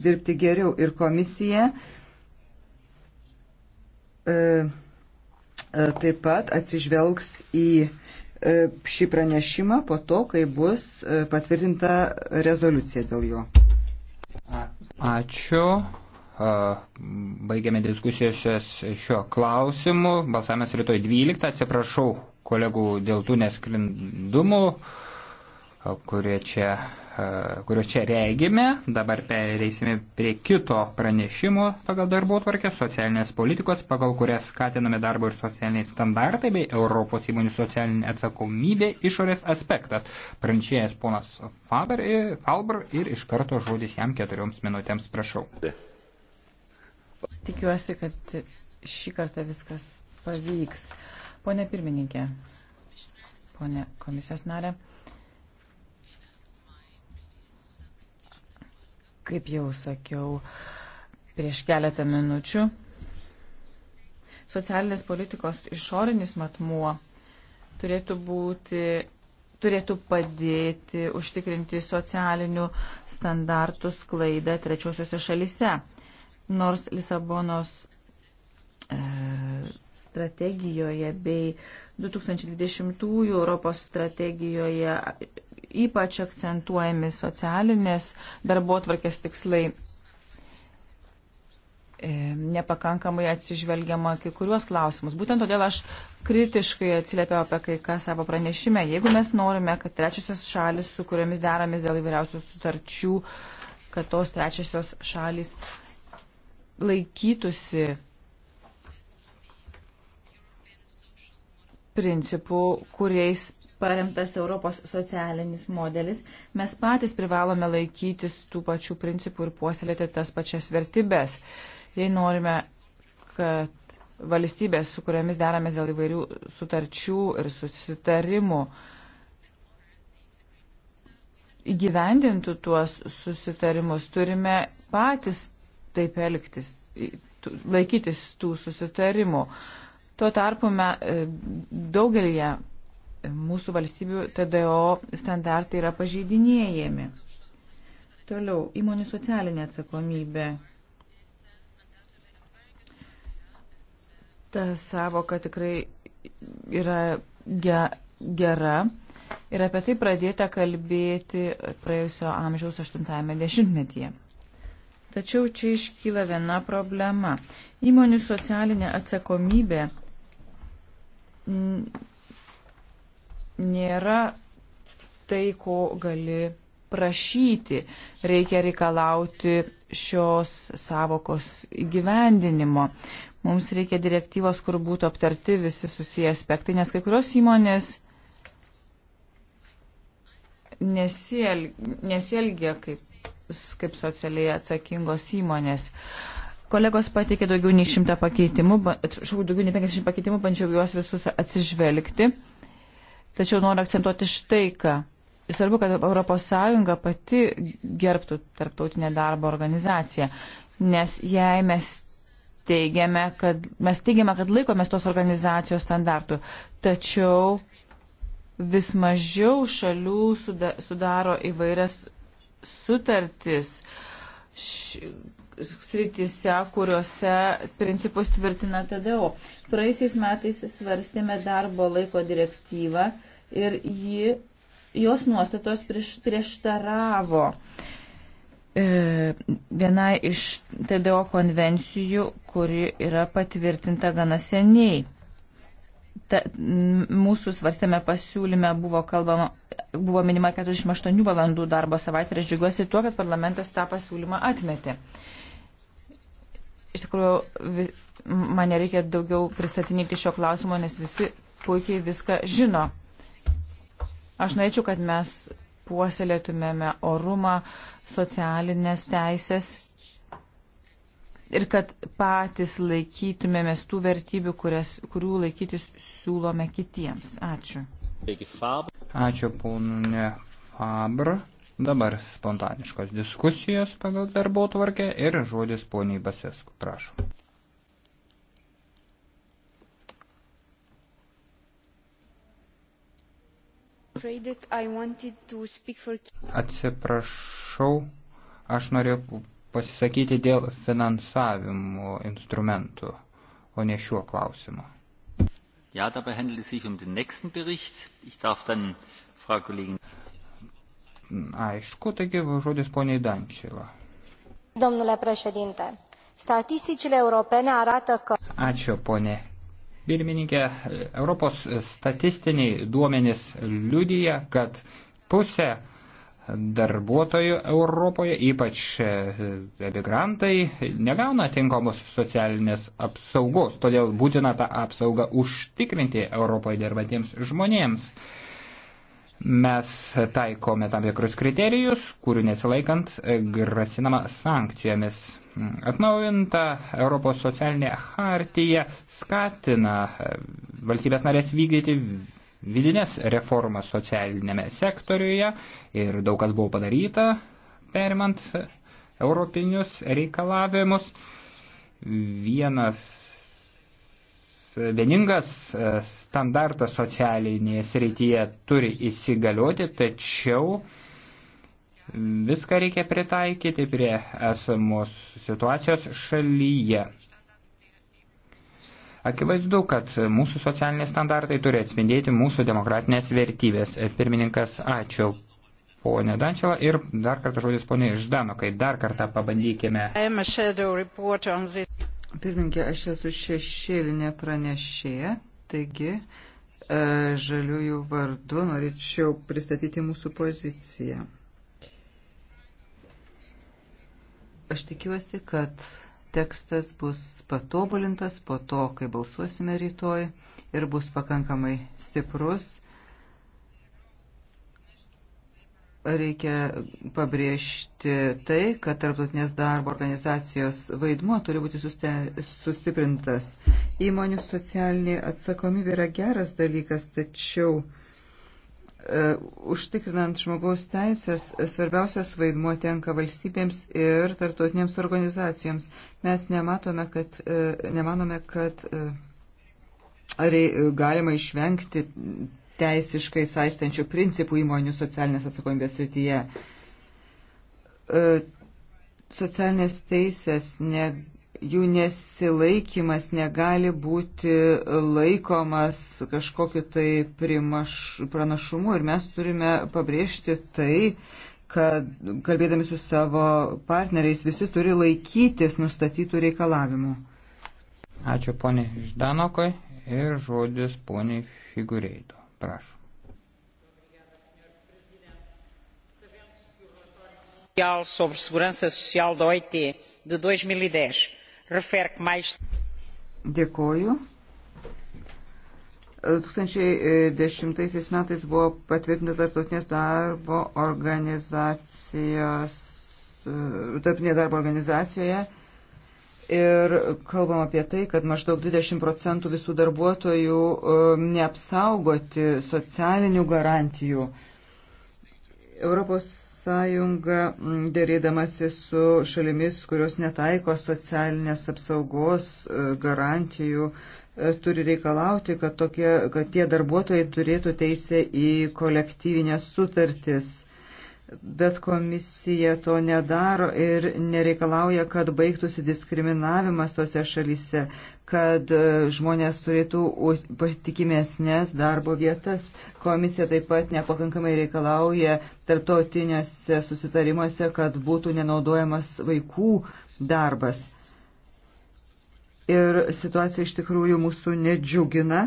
dirbti geriau ir komisija e, e, taip pat atsižvelgs į e, šį pranešimą po to, kai bus patvirtinta rezoliucija dėl jo. Ačiū. Baigiame diskusijas šiuo klausimu. Balsavimas rytoj 12. Atsiprašau kolegų dėl tų nesklindumų kurie čia, e, kuriuos čia regime. Dabar pereisime prie kito pranešimo pagal darbo tvarkę socialinės politikos, pagal kurias skatiname darbo ir socialiniai standartai bei Europos įmonių socialinė atsakomybė išorės aspektas. Pranešėjas ponas Faber ir, e, Falber ir iš karto žodis jam keturioms minutėms prašau. Tikiuosi, kad šį kartą viskas pavyks. Pone pirmininkė, pone komisijos narė. Kaip jau sakiau prieš keletą minučių, socialinės politikos išorinis matmuo turėtų būti turėtų padėti užtikrinti socialinių standartų sklaidą trečiosiuose šalise. Nors Lisabonos e, strategijoje bei 2020 Europos strategijoje ypač akcentuojami socialinės darbo tvarkės tikslai. E, nepakankamai atsižvelgiama kai kuriuos klausimus. Būtent todėl aš kritiškai atsiliepiau apie kai ką savo pranešime. Jeigu mes norime, kad trečiosios šalis, su kuriamis deramės dėl įvairiausių sutarčių, kad tos trečiosios šalis laikytųsi principų, kuriais paremtas Europos socialinis modelis, mes patys privalome laikytis tų pačių principų ir puoselėti tas pačias vertybės. Jei norime, kad valstybės, su kuriamis deramės dėl įvairių sutarčių ir susitarimų, įgyvendintų tuos susitarimus, turime patys taip elgtis, laikytis tų susitarimų. Tuo tarpu e, daugelį mūsų valstybių TDO standartai yra pažeidinėjami. Toliau, įmonių socialinė atsakomybė. Ta savoka tikrai yra ge, gera ir apie tai pradėta kalbėti praėjusio amžiaus 80-ame dešimtmetyje. Tačiau čia iškyla viena problema. Įmonių socialinė atsakomybė nėra tai, ko gali prašyti. Reikia reikalauti šios savokos įgyvendinimo. Mums reikia direktyvos, kur būtų aptarti visi susiję aspektai, nes kai kurios įmonės nesiel, nesielgia kaip, kaip socialiai atsakingos įmonės. Kolegos pateikė daugiau nei šimtą pakeitimų, daugiau nei 50 pakeitimų, bandžiau juos visus atsižvelgti. Tačiau noriu akcentuoti štai ką. Svarbu, kad ES pati gerbtų tarptautinę darbo organizaciją, nes jei mes teigiame, kad, mes teigiame, kad laikomės tos organizacijos standartų, tačiau vis mažiau šalių suda, sudaro įvairias sutartis sritise, kuriuose principus tvirtina TDO. Praeisiais metais svarstėme darbo laiko direktyvą ir ji, jos nuostatos prieš, prieštaravo e, viena iš TDO konvencijų, kuri yra patvirtinta gana seniai. Ta, mūsų svarstėme pasiūlyme buvo, kalbama, buvo minima 48 valandų darbo savaitė ir aš džiugiuosi tuo, kad parlamentas tą pasiūlymą atmetė. Iš tikrųjų, man nereikia daugiau pristatinėti šio klausimo, nes visi puikiai viską žino. Aš norėčiau, kad mes puoselėtumėme orumą, socialinės teisės ir kad patys laikytumėmės tų vertybių, kurias, kurių laikytis siūlome kitiems. Ačiū. Ačiū, ponė Fabr. Dabar spontaniškos diskusijos pagal darbo tvarkę ir žodis poniai Basesku. Prašau. Atsiprašau, aš norėjau pasisakyti dėl finansavimo instrumentų, o ne šiuo klausimu. Ja, dabei handelt es sich um den nächsten Bericht. Ich darf dann Frau Kollegin. Aišku, taigi žodis poniai Dančila. Domnule președinte, statisticile europene arată că... Ačiū, ponė Pirmininkė, Europos statistiniai duomenys liudyja, kad pusė darbuotojų Europoje, ypač e, emigrantai, negauna tinkamos socialinės apsaugos, todėl būtina tą apsaugą užtikrinti Europoje dirbantiems žmonėms. Mes taikome tam tikrus kriterijus, kurių nesilaikant e, grasinama sankcijomis. Atnaujinta Europos socialinė hartija skatina e, valstybės narės vykdyti vidinės reformas socialinėme sektoriuje ir daug kas buvo padaryta perimant europinius reikalavimus. Vienas vieningas e, standartas socialinėje srityje turi įsigalioti, tačiau Viską reikia pritaikyti prie esamos situacijos šalyje. Akivaizdu, kad mūsų socialiniai standartai turi atspindėti mūsų demokratinės vertybės. Pirmininkas, ačiū ponė Dančela ir dar kartą žodis ponė Ždanokai. Dar kartą pabandykime. Pirmininkė, aš esu šešėlinė pranešėja, taigi e, žaliųjų vardu norėčiau pristatyti mūsų poziciją. Aš tikiuosi, kad tekstas bus patobulintas po to, kai balsuosime rytoj ir bus pakankamai stiprus. Reikia pabrėžti tai, kad tarptautinės darbo organizacijos vaidmuo turi būti sustiprintas. Įmonių socialinė atsakomybė yra geras dalykas, tačiau E, užtikrinant žmogaus teisės, svarbiausias vaidmuo tenka valstybėms ir tarptautinėms organizacijoms. Mes nematome, kad, e, nemanome, kad ar e, galima išvengti teisiškai saistančių principų įmonių socialinės atsakomybės srityje. Socialinės teisės ne, jų nesilaikimas negali būti laikomas kažkokiu tai primaš, pranašumu ir mes turime pabrėžti tai, kad kalbėdami su savo partneriais visi turi laikytis nustatytų reikalavimų. Ačiū poniai Ždanokoj ir žodis poniai Figureidų. Prašau. sobre segurança social da oit de dois mil e dez Dėkoju. 2010 e, metais buvo patvirtintas Tarptautinės darbo organizacijos, e, Tarptautinė darbo organizacijoje ir kalbam apie tai, kad maždaug 20 procentų visų darbuotojų e, neapsaugoti socialinių garantijų. Europos Mm, dėrėdamasi su šalimis, kurios netaiko socialinės apsaugos e, garantijų, e, turi reikalauti, kad, tokie, kad tie darbuotojai turėtų teisę į kolektyvinės sutartis. Bet komisija to nedaro ir nereikalauja, kad baigtųsi diskriminavimas tose šalyse kad e, žmonės turėtų patikimesnės darbo vietas. Komisija taip pat nepakankamai reikalauja tarptautiniuose susitarimuose, kad būtų nenaudojamas vaikų darbas. Ir situacija iš tikrųjų mūsų nedžiugina.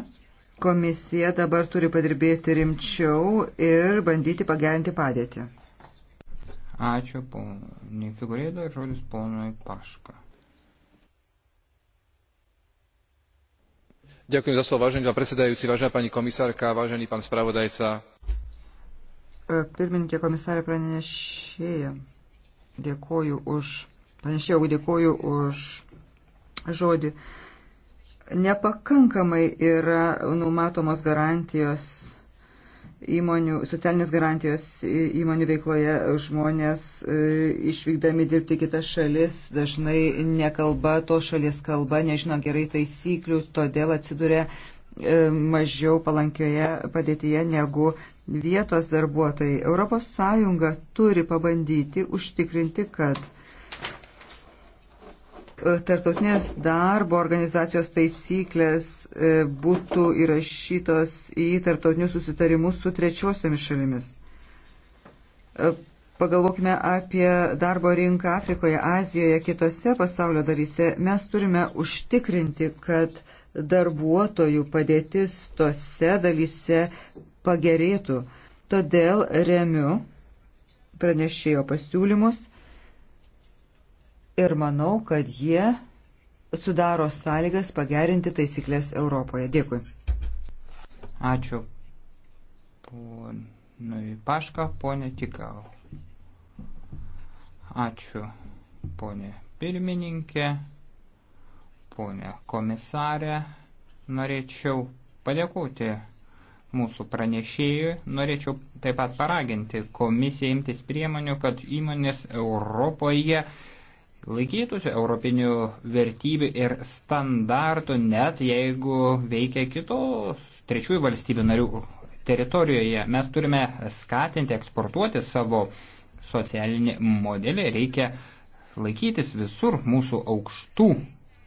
Komisija dabar turi padirbėti rimčiau ir bandyti pagerinti padėtį. Ačiū, poniai Figurėdo ir žodis ponui Paška. Pirmininkė komisarė pranešėja. Dėkoju už, pranešėjau, dėkoju už žodį. Nepakankamai yra numatomos garantijos įmonių, socialinės garantijos įmonių veikloje žmonės e, išvykdami dirbti kitas šalis dažnai nekalba to šalies kalba, nežino gerai taisyklių, todėl atsiduria e, mažiau palankioje padėtyje negu vietos darbuotojai. ES turi pabandyti užtikrinti, kad tarptautinės darbo organizacijos taisyklės e, būtų įrašytos į tarptautinius susitarimus su trečiosiomis šalimis. E, pagalvokime apie darbo rinką Afrikoje, Azijoje, kitose pasaulio dalyse. Mes turime užtikrinti, kad darbuotojų padėtis tose dalyse pagerėtų. Todėl remiu pranešėjo pasiūlymus ir manau, kad jie sudaro sąlygas pagerinti taisyklės Europoje. Dėkui. Ačiū. Ponui Paška, ponė Tikau. Ačiū, ponė pirmininkė, ponė komisarė. Norėčiau padėkoti mūsų pranešėjui, norėčiau taip pat paraginti komisiją imtis priemonių, kad įmonės Europoje laikytųsi europinių vertybių ir standartų, net jeigu veikia kitos trečiųjų valstybių narių teritorijoje. Mes turime skatinti eksportuoti savo socialinį modelį, reikia laikytis visur mūsų aukštų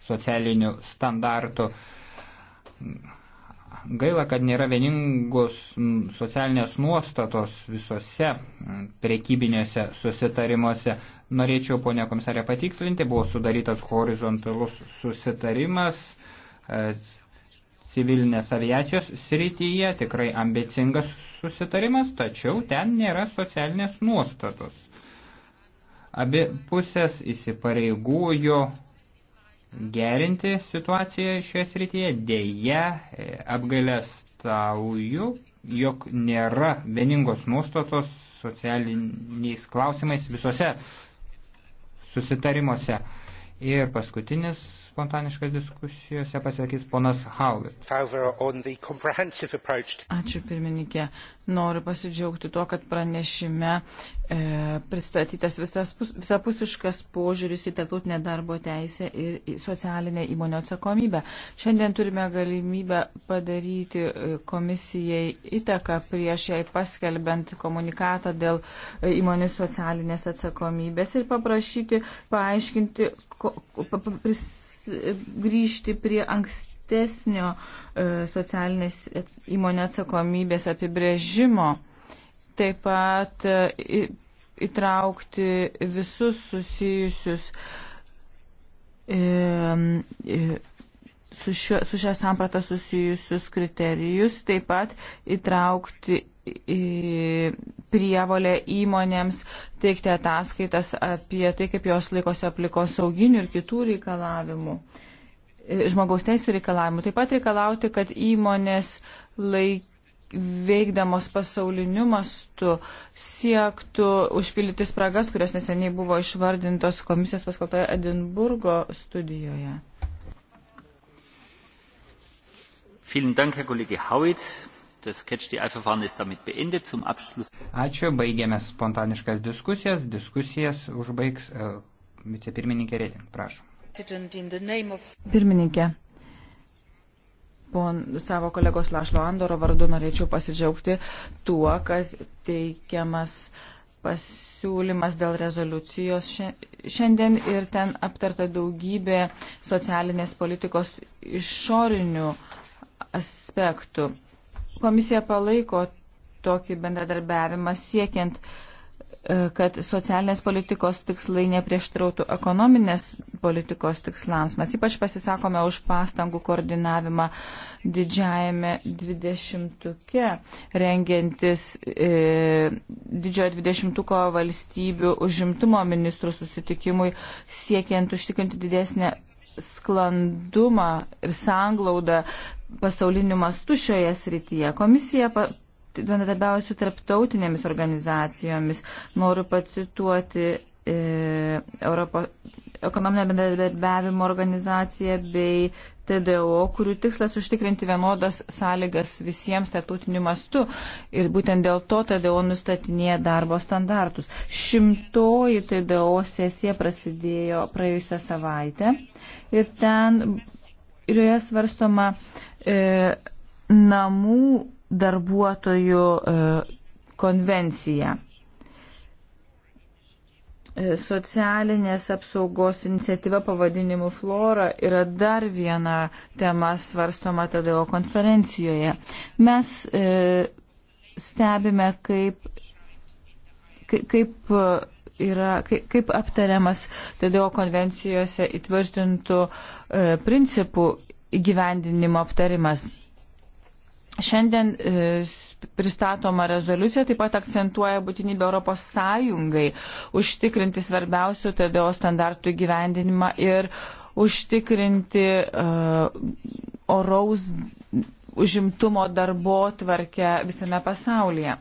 socialinių standartų. Gaila, kad nėra vieningos socialinės nuostatos visose prekybinėse susitarimuose. Norėčiau, ponia komisarė, patikslinti, buvo sudarytas horizontalus susitarimas e, civilinės aviacijos srityje, tikrai ambicingas susitarimas, tačiau ten nėra socialinės nuostatos. Abi pusės įsipareigojo gerinti situaciją šioje srityje, dėja e, apgalės tauju, jog nėra vieningos nuostatos socialiniais klausimais visose susitarimuose. Ir paskutinis spontaniškas diskusijose pasakys ponas Hauvis. Ačiū pirmininkė. Noriu pasidžiaugti tuo, kad pranešime e, pristatytas visas, visapusiškas požiūris į tarptautinę darbo teisę ir socialinę įmonio atsakomybę. Šiandien turime galimybę padaryti e, komisijai įtaką prieš jai paskelbent komunikatą dėl e, įmonių socialinės atsakomybės ir paprašyti paaiškinti, ko, pa, pa, pris, grįžti prie ankstesnio e, socialinės įmonė atsakomybės apibrėžimo. Taip pat e, įtraukti visus susijusius e, su, šio, su šią sampratą susijusius kriterijus, taip pat įtraukti prievolė įmonėms teikti ataskaitas apie tai, kaip jos laikosi aplikos sauginių ir kitų reikalavimų, e, žmogaus teisų reikalavimų. Taip pat reikalauti, kad įmonės laik, veikdamos pasauliniu mastu siektų užpildyti spragas, kurios neseniai buvo išvardintos komisijos paskaltoje Edinburgo studijoje. Vielen Dank, Herr Kollege Howitt. Das Catch-the-Eye-Verfahren ist damit beendet. Zum Abschluss. Ačiū, baigėme spontaniškas diskusijas. Diskusijas užbaigs uh, vicepirmininkė Reding. Prašom. Pirmininkė, pon, savo kolegos Lašlo Andoro vardu norėčiau pasidžiaugti tuo, kad teikiamas pasiūlymas dėl rezoliucijos šiandien ir ten aptarta daugybė socialinės politikos išorinių aspektų. Komisija palaiko tokį bendradarbiavimą siekiant, e, kad socialinės politikos tikslai neprieštrautų ekonominės politikos tikslams. Mes ypač pasisakome už pastangų koordinavimą didžiajame dvidešimtuke, rengiantis e, didžiojo dvidešimtuko valstybių užimtumo ministrų susitikimui, siekiant užtikrinti didesnę sklandumą ir sanglaudą pasauliniu mastu šioje srityje. Komisija pa, bendradarbiauja su tarptautinėmis organizacijomis. Noriu pacituoti e, Europo, ekonominio bendradarbiavimo organizaciją bei TDO, kurių tikslas užtikrinti vienodas sąlygas visiems tarptautiniu mastu ir būtent dėl to TDO nustatinėja darbo standartus. Šimtoji TDO sesija prasidėjo praėjusią savaitę ir ten ir joje svarstoma e, e, namų darbuotojų e, konvenciją. E, socialinės apsaugos iniciatyva pavadinimu Flora yra dar viena tema svarstoma TDO konferencijoje. Mes e, stebime, kaip, kaip e, yra, kaip, kaip aptariamas TDO konvencijose įtvirtintų e, principų įgyvendinimo aptarimas. Šiandien e, pristatoma rezoliucija taip pat akcentuoja būtinybę Europos Sąjungai užtikrinti svarbiausių TDO standartų įgyvendinimą ir užtikrinti uh, oraus užimtumo darbo tvarkę visame pasaulyje.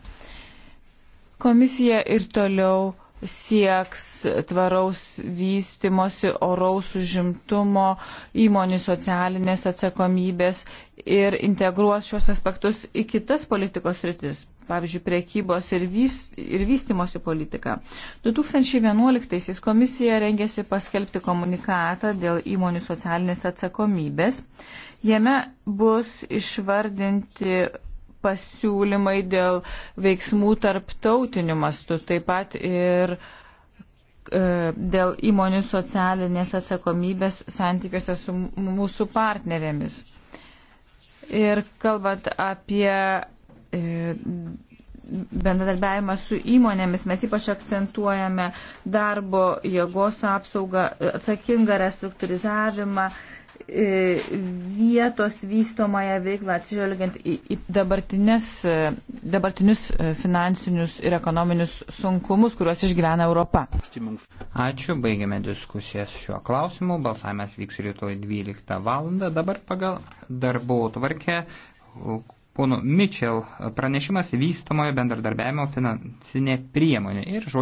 Komisija ir toliau sieks tvaraus vystimosi, oraus užimtumo, įmonių socialinės atsakomybės ir integruos šios aspektus į kitas politikos rytis, pavyzdžiui, priekybos ir, vys, ir vystimosi politiką. 2011-aisiais komisija rengėsi paskelbti komunikatą dėl įmonių socialinės atsakomybės. Jame bus išvardinti pasiūlymai dėl veiksmų tarptautiniu mastu, taip pat ir e, dėl įmonių socialinės atsakomybės santykiuose su mūsų partnerėmis. Ir kalbant apie e, bendradarbiavimą su įmonėmis, mes ypač akcentuojame darbo jėgos apsaugą, atsakingą restruktūrizavimą, e, E, vietos vystomąją veiklą atsižvelgiant į, į e, dabartinius e, finansinius ir ekonominius sunkumus, kuriuos išgyvena Europa. Ačiū, baigiame diskusijas šiuo klausimu. Balsavimas vyks rytoj 12 val. Dabar pagal darbo tvarkę. Pono Mitchell pranešimas vystomojo bendradarbiavimo finansinė priemonė ir žodžiu.